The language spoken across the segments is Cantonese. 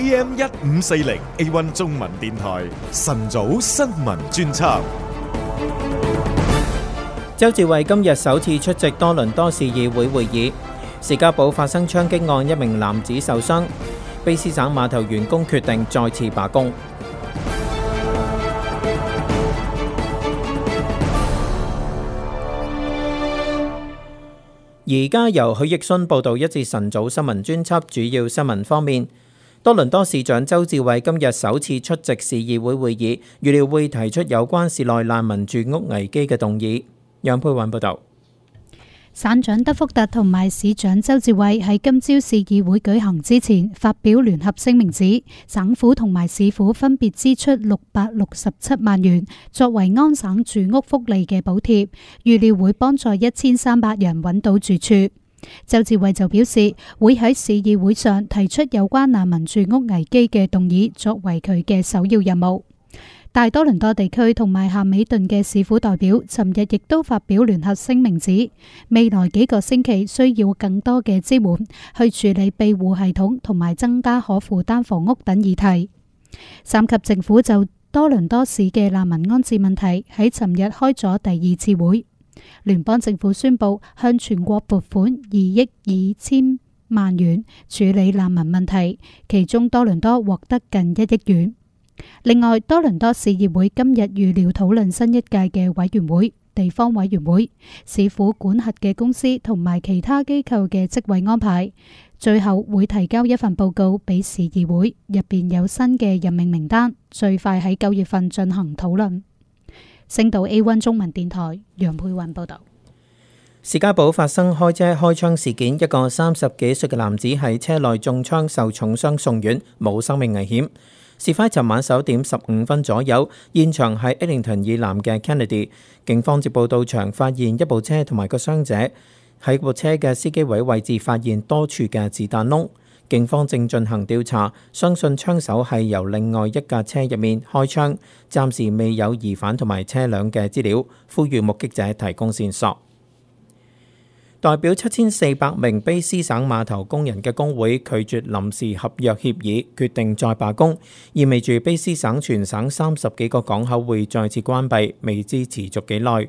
A.M. 一五四零 A One 中文電台晨早新聞專輯。周志偉今日首次出席多倫多市議會會議。士嘉堡發生槍擊案，一名男子受傷。卑斯省碼頭員工決定再次罷工。而家由許奕迅報道，一節晨早新聞專輯，主要新聞方面。多倫多市長周志偉今日首次出席市議會會議，預料會提出有關市內難民住屋危機嘅動議。楊佩雲報導。省長德福特同埋市長周志偉喺今朝市議會舉行之前發表聯合聲明指，指省府同埋市府分別支出六百六十七萬元作為安省住屋福利嘅補貼，預料會幫助一千三百人揾到住處。周志偉就表示，會喺市議會上提出有關難民住屋危機嘅動議，作為佢嘅首要任務。大多倫多地區同埋夏美頓嘅市府代表，尋日亦都發表聯合聲明指，指未來幾個星期需要更多嘅支援，去處理庇護系統同埋增加可負擔房屋等議題。三級政府就多倫多市嘅難民安置問題，喺尋日開咗第二次會。聯邦政府宣布向全國撥款二億二千萬元處理難民問題，其中多倫多獲得近一億元。另外，多倫多市議會今日預料討論新一屆嘅委員會、地方委員會、市府管轄嘅公司同埋其他機構嘅職位安排，最後會提交一份報告俾市議會，入面有新嘅任命名單，最快喺九月份進行討論。星島 A1 中文電台楊佩雲報道：史家堡發生開車開槍事件，一個三十幾歲嘅男子喺車內中槍，受重傷送院，冇生命危險。事發尋晚九點十五分左右，現場喺 Arlington、e、以南嘅 Kennedy，警方接報到場，發現一部車同埋個傷者喺部車嘅司機位位置，發現多處嘅子彈窿。警方正進行調查，相信槍手係由另外一架車入面開槍，暫時未有疑犯同埋車輛嘅資料，呼籲目擊者提供線索。代表七千四百名卑斯省碼頭工人嘅工會拒絕臨時合約協議，決定再罷工，意味住卑斯省全省三十幾個港口會再次關閉，未知持續幾耐。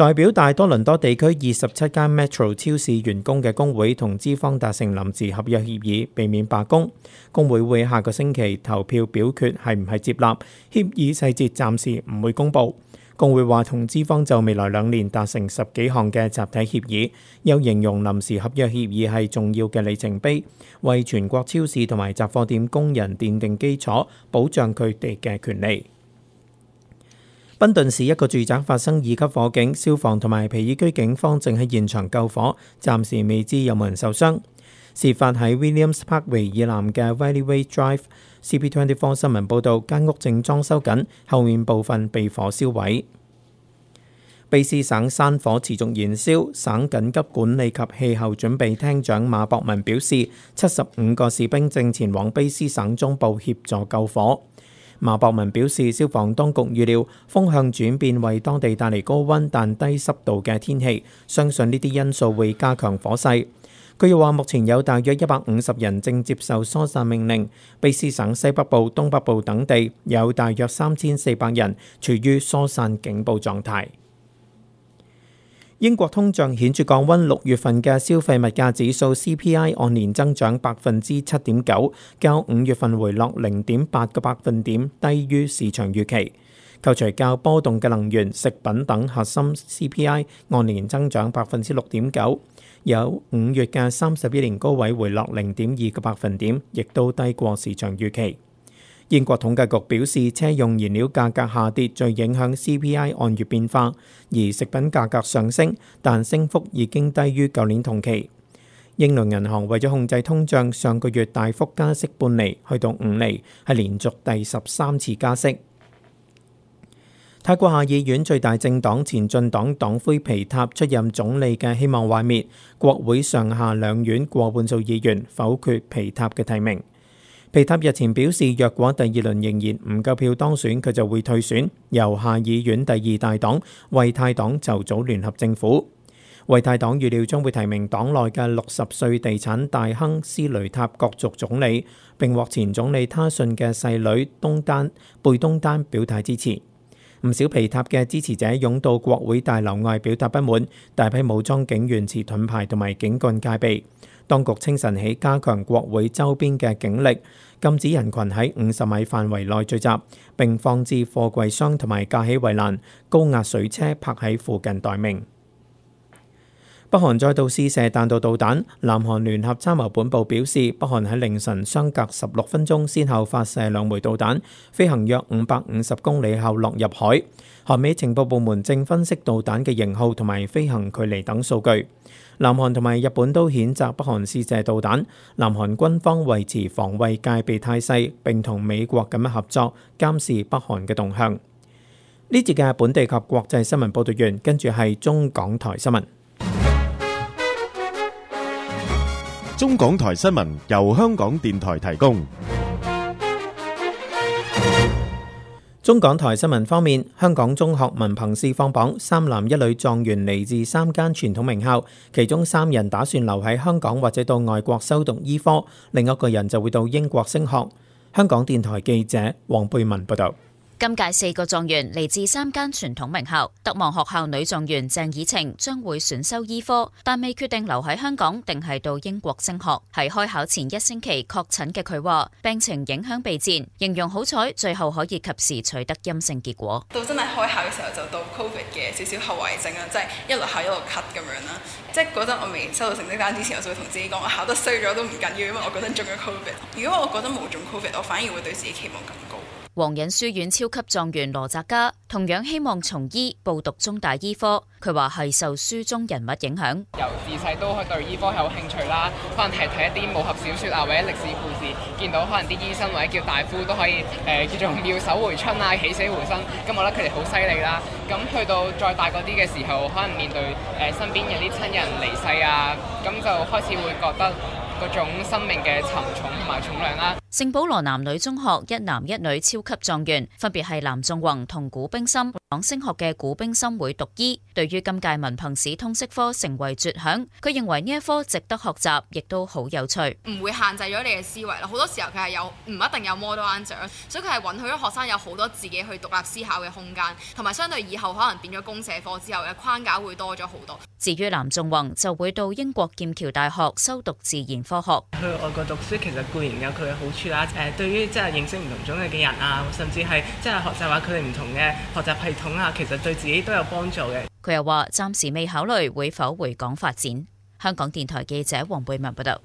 代表大多倫多地區二十七間 Metro 超市員工嘅工會同資方達成臨時合約協議，避免罷工。工會會下個星期投票表決係唔係接納，協議細節暫時唔會公佈。工會話同資方就未來兩年達成十幾項嘅集體協議，又形容臨時合約協議係重要嘅里程碑，為全國超市同埋雜貨店工人奠定基礎，保障佢哋嘅權利。賓頓市一個住宅發生二級火警，消防同埋皮爾區警方正喺現場救火，暫時未知有冇人受傷。事發喺 Williams Parkway 以南嘅 Valleyway Drive。CP24 新聞報道，間屋正裝修緊，後面部分被火燒毀。卑斯省山火持續燃燒，省緊急管理及氣候準備廳長馬博文表示，七十五個士兵正前往卑斯省中部協助救火。馬博文表示，消防當局預料風向轉變為當地帶嚟高温但低濕度嘅天氣，相信呢啲因素會加強火勢。佢又話，目前有大約一百五十人正接受疏散命令，卑斯省西北部、東北部等地有大約三千四百人處於疏散警報狀態。英國通脹顯著降溫，六月份嘅消費物價指數 CPI 按年增長百分之七點九，較五月份回落零點八個百分點，低於市場預期。扣除較波動嘅能源、食品等核心 CPI 按年增長百分之六點九，有五月嘅三十一年高位回落零點二個百分點，亦都低過市場預期。英國統計局表示，車用燃料價格下跌最影響 CPI 按月變化，而食品價格上升，但升幅已經低於舊年同期。英倫銀行為咗控制通脹，上個月大幅加息半厘去到五厘，係連續第十三次加息。泰國下議院最大政黨前進黨黨魁皮塔出任總理嘅希望幻滅，國會上下兩院過半數議員否決皮塔嘅提名。皮塔日前表示，若果第二輪仍然唔夠票當選，佢就會退選，由下議院第二大黨惠泰黨就組聯合政府。惠泰黨預料將會提名黨內嘅六十歲地產大亨斯雷塔角逐總理，並獲前總理他信嘅細女東丹貝東丹表態支持。唔少皮塔嘅支持者湧到國會大樓外表達不滿，大批武裝警員持盾牌同埋警棍戒備。當局清晨起加強國會周邊嘅警力，禁止人群喺五十米範圍內聚集，並放置貨櫃箱同埋架起圍欄，高壓水車泊喺附近待命。北韓再度試射彈道導彈，南韓聯合參謀本部表示，北韓喺凌晨相隔十六分鐘，先後發射兩枚導彈，飛行約五百五十公里後落入海。韓美情報部門正分析導彈嘅型號同埋飛行距離等數據。南韓同埋日本都譴責北韓試射導彈。南韓軍方維持防衛戒備態勢，並同美國咁樣合作監視北韓嘅動向。呢節嘅本地及國際新聞報導員，跟住係中港台新聞。中港台新聞由香港電台提供。中港台新聞方面，香港中學文憑試放榜，三男一女狀元嚟自三間傳統名校，其中三人打算留喺香港或者到外國修讀醫科，另一個人就會到英國升學。香港電台記者黃貝文報道。今屆四個狀元嚟自三間傳統名校，德望學校女狀元鄭以晴將會選修醫科，但未決定留喺香港定係到英國升學。喺開考前一星期確診嘅佢話，病情影響備戰，形容好彩最後可以及時取得陰性結果。到真係開考嘅時候就到 covid 嘅少少後遺症啦，即係一路考一路咳咁樣啦。即係嗰陣我未收到成績單之前，我就會同自己講，我考得衰咗都唔緊要，因為我覺得中咗 covid。如果我覺得冇中 covid，我反而會對自己期望緊。黃仁書院超級狀元羅澤嘉同樣希望從醫，報讀中大醫科。佢話係受書中人物影響，由自細都係對醫科有興趣啦。可能係睇一啲武俠小說啊，或者歷史故事，見到可能啲醫生或者叫大夫都可以誒、呃，叫做妙手回春啊，起死回生。咁我得佢哋好犀利啦。咁去到再大個啲嘅時候，可能面對誒身邊有啲親人離世啊，咁就開始會覺得嗰種生命嘅沉重同埋重量啦。聖保羅男女中學一男一女超級狀元，分別係藍仲宏同古冰心。講升學嘅古冰心會讀醫。對於今屆文憑試通識科成為絕響，佢認為呢一科值得學習，亦都好有趣。唔會限制咗你嘅思維咯，好多時候佢係有唔一定有 model answer，所以佢係允許咗學生有好多自己去獨立思考嘅空間，同埋相對以後可能變咗公社科之後嘅框架會多咗好多。至於藍仲宏就會到英國劍橋大學修讀自然科學。去外國讀書其實固然有佢嘅好處。啦，誒對於即係認識唔同種類嘅人啊，甚至係即係學習話佢哋唔同嘅學習系統啊，其實對自己都有幫助嘅。佢又話暫時未考慮會否回港發展。香港電台記者黃貝文報道。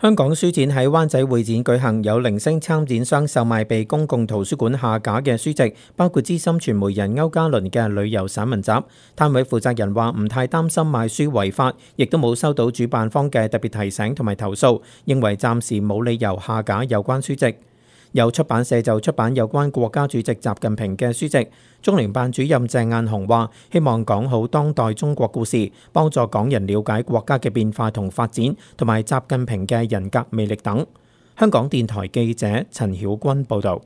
香港書展喺灣仔會展舉行，有零星參展商售賣被公共圖書館下架嘅書籍，包括資深傳媒人區家麟嘅旅遊散文集。攤位負責人話唔太擔心賣書違法，亦都冇收到主辦方嘅特別提醒同埋投訴，認為暫時冇理由下架有關書籍。有出版社就出版有關國家主席習近平嘅書籍。中聯辦主任鄭雁雄話：希望講好當代中國故事，幫助港人了解國家嘅變化同發展，同埋習近平嘅人格魅力等。香港電台記者陳曉君報導。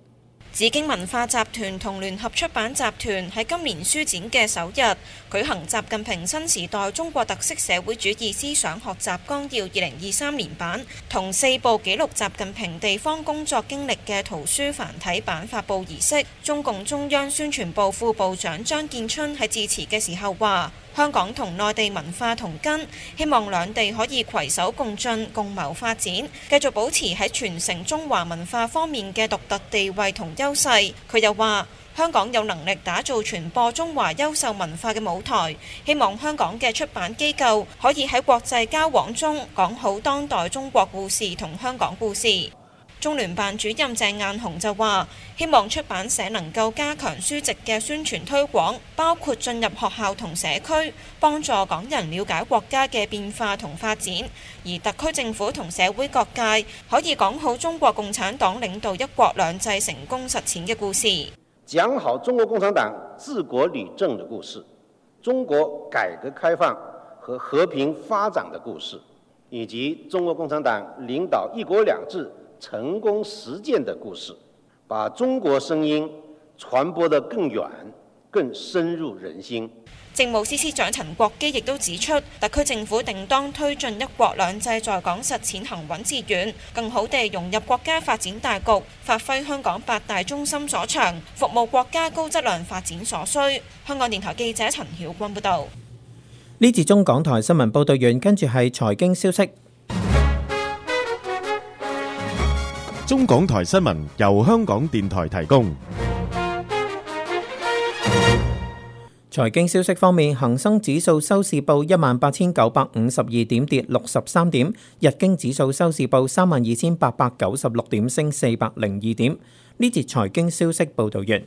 紫荊文化集團同聯合出版集團喺今年書展嘅首日舉行習近平新時代中國特色社會主義思想學習綱要二零二三年版同四部記錄習近平地方工作經歷嘅圖書繁體版發佈儀式。中共中央宣傳部副部長張建春喺致辭嘅時候話。香港同內地文化同根，希望兩地可以攜手共進、共謀發展，繼續保持喺傳承中華文化方面嘅獨特地位同優勢。佢又話：香港有能力打造傳播中華優秀文化嘅舞台，希望香港嘅出版機構可以喺國際交往中講好當代中國故事同香港故事。中聯辦主任鄭雁雄就話，希望出版社能夠加強書籍嘅宣傳推廣，包括進入學校同社區，幫助港人了解國家嘅變化同發展。而特區政府同社會各界可以講好中國共產黨領導一國兩制成功實踐嘅故事，講好中國共產黨治國理政嘅故事，中國改革開放和和平發展嘅故事，以及中國共產黨領導一國兩制。成功實踐的故事，把中國聲音傳播得更遠、更深入人心。政務司司長陳國基亦都指出，特區政府定當推進一國兩制，在港實踐行穩致遠，更好地融入國家發展大局，發揮香港八大中心所長，服務國家高質量發展所需。香港電台記者陳曉君報道。呢次中港台新聞報道完，跟住係財經消息。中港台新聞由香港電台提供。財經消息方面，恒生指數收市報一萬八千九百五十二點，跌六十三點；日經指數收市報三萬二千八百九十六點，升四百零二點。呢節財經消息報道完。